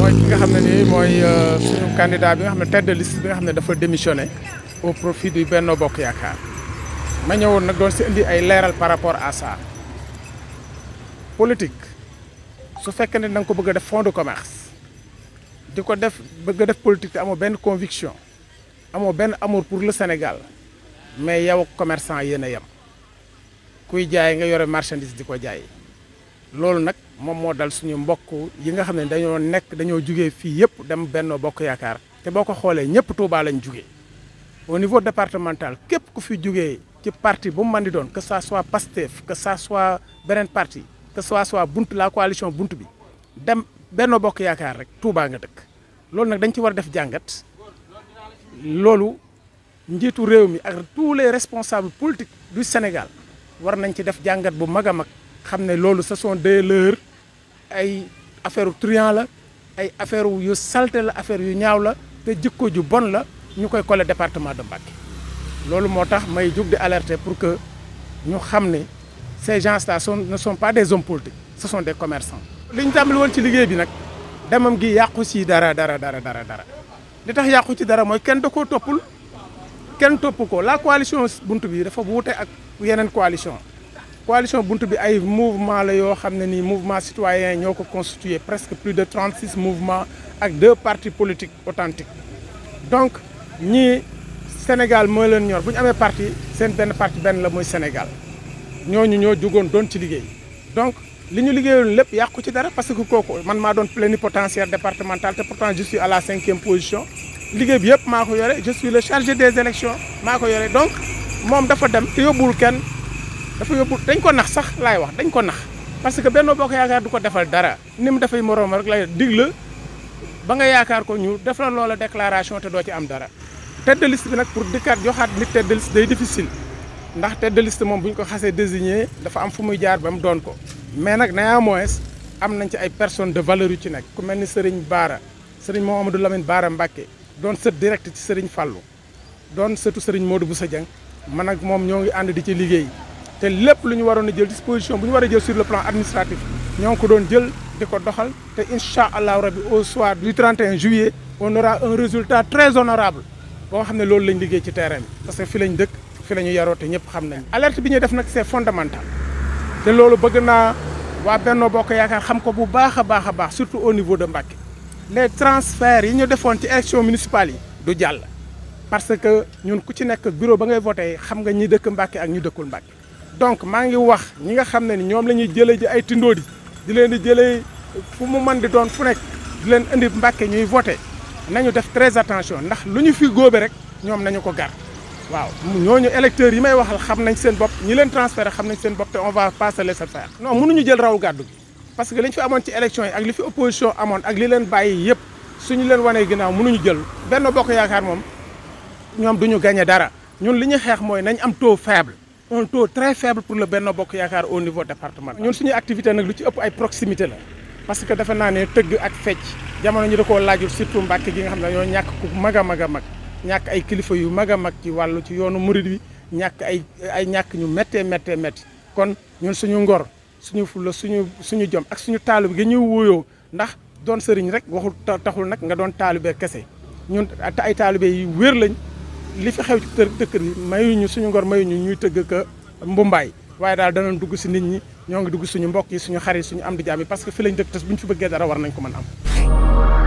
mooy ki nga xam ne ni mooy euh, suñu candidat bi nga xam ne tête de bi nga xam ne dafa démissionné au profit du Benno Bokk Yaakaar ma ñëwoon nag doon si indi ay leeral par rapport à ça politique su fekkee ne da nga ko bëgg a def fond de commerce di ko def bëgg def politique te amoo benn conviction amoo benn amour pour le Sénégal mais yow ak commerçant yéen a yem kuy jaay nga yore marchandise di ko jaay. loolu nag moom moo dal suñu mbokk yi nga xam ne dañoo nekk dañoo jugee fii yëpp dem Benno Bokk Yaakaar te boo ko xoolee ñëpp Touba lañ jugee au niveau départemental képp ku fi jugee ci parti bu mu mën di doon que ça soit PASTEF que ça soit beneen parti que ça soit bunt la coalition bunt bi dem Benno Bokk Yaakaar rek Touba nga dëkk loolu nag dañ ci war a def jàngat loolu njiitu réew mi ak tous les responsables politiques du Sénégal war nañ ci def jàngat bu mag a mag xam ne loolu ce sont des leurs ay affaire truand la ay affaire yu salté la affaire yu ñaaw la te jikko ju bon la ñu koy coller département de Mbacké loolu moo tax may jug di alerter pour que ñu xam ne ces gens là sont ne sont pas des hommes politiques ce sont des commerçants. li ñu tàmbali woon ci liggéey bi nag demam gi yàqu si dara dara dara dara dara li tax yàqu ci dara mooy kenn da ko toppul kenn topp ko la coalition bunt bi dafa wute ak yeneen coalition. coalition bunt bi ay mouvement la yoo xam ne nii mouvement citoyen ñoo ko constitué presque plus de 36 mouvements ak deux partis politiques authentiques donc ñii Sénégal mooy leen ñor bu ñu amee parti seen benn parti benn la mooy Sénégal ñooñu ñoo jugoon doon ci liggéey donc li ñu liggéeyoon lépp yàqu ci dara parce que kooku man maa doon plénipotentiaire départemental te pourtant je suis à la cinquième position liggéey bi yëpp maa ko yor je le chargé des élections maa ko yore donc moom dafa dem te yóbbuwul kenn dafa yóbbu dañ ko nax sax laay wax dañ ko nax parce que Benno Bokk Yaakaar du ko defal dara ni mu dafay moroom rek lay dig la ba nga yaakaar ko ñu def la loola déclaration te doo ci am dara tête de bi nag pour dikkaat joxaat nit tête de liste day difficile ndax tête de moom bu ñu ko xasee désigné dafa am fu muy jaar ba mu doon ko mais nag néanmoins am nañ ci ay personnes de valeur yu ci nekk ku mel ni Serigne Baara Serigne Mouhamadou Lamine Baara Mbacke doon sët direct ci Serigne Fallou doon sëtu Serigne Modou Boussa Dieng man ak moom ñoo ngi ànd di ci liggéey te lépp lu ñu waroon a jël disposition bu ñu war a jël sur le plan administratif ñoo ngi ko doon jël di ko doxal te incha allahu rabi au soir du 31 juillet on aura un résultat très honorable boo xam ne loolu lañ liggéey ci terrain bi parce que fi lañ dëkk fi la ñu yaroo ñëpp xam ne alert bi ñuy def nag c'est fondamental te loolu bëgg naa waa Benno Bokk Yaakaar xam ko bu baax a baax a baax surtout au niveau de Mbacké les transferts yi ñu defoon ci élection municipale yi du jàll parce que ñun ku ci nekk bureau ba ngay voté xam nga ñi dëkk Mbacké ak ñu dëkkul Mbacké donc maa ngi wax ñi nga xam ne ni ñoom la ñuy jëlee ji ay tindóodi di leen di jëlee fu mu mën di doon fu nekk di leen indi mbàkke ñuy voté nañu def très attention ndax lu ñu fi góobe rek ñoom nañu ko gar waaw ñooñu électeurs yi may waxal xam nañ seen bopp ñi leen transféré xam nañ seen bopp te on va pas se laisser faire non mënuñu jël raw gàddu gi parce que li ñu fi amoon ci élection yi ak li fi opposition amoon ak li leen bàyyi yëpp suñu leen wanee ginnaaw mënuñu jël benn bokk yaakaar moom ñoom duñu gagné dara ñun li ñu xeex mooy nañ am taux faible un taux très faible pour le Benno Bokk Yaakaar au niveau département. ñun suñu activité nag lu ci ëpp ay proximité la parce que defe naa ne tëgg ak fecc jamono ñu da koo laajul surtout Mbàkke gi nga xam ne ñoo ñàkk ku mag a mag a mag ay kilifa yu mag a mag ci wàllu ci yoonu murid bi ñàkk ay ay ñàkk ñu méttee méttee métti kon ñun suñu ngor suñu fulla suñu suñu jom ak suñu taalib gi ñu wuyoo ndax doon sëriñ rek waxul taxul nag nga doon taalibe kese ñun ay taalibe yu wér lañ. li fi xew ci kër dëkk bi mayuñu suñu ngor ñu ñuy tëgg ka mbumbaay waaye daal danañ dugg si nit ñi ñoo ngi dugg suñu mbokk yi suñu xarit suñu am di jaam yi parce que fi lañ dëkk tas bu ñu fi bëggee dara war nañ ko man am